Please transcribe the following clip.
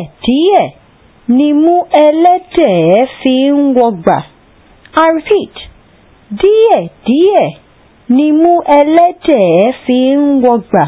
díẹ̀díẹ̀ nimú ẹlẹ́dẹ̀ẹ́ fi ń wọgbà. I repeat, díẹ̀díẹ̀ nimú ẹlẹ́dẹ̀ẹ́ fi ń wọgbà.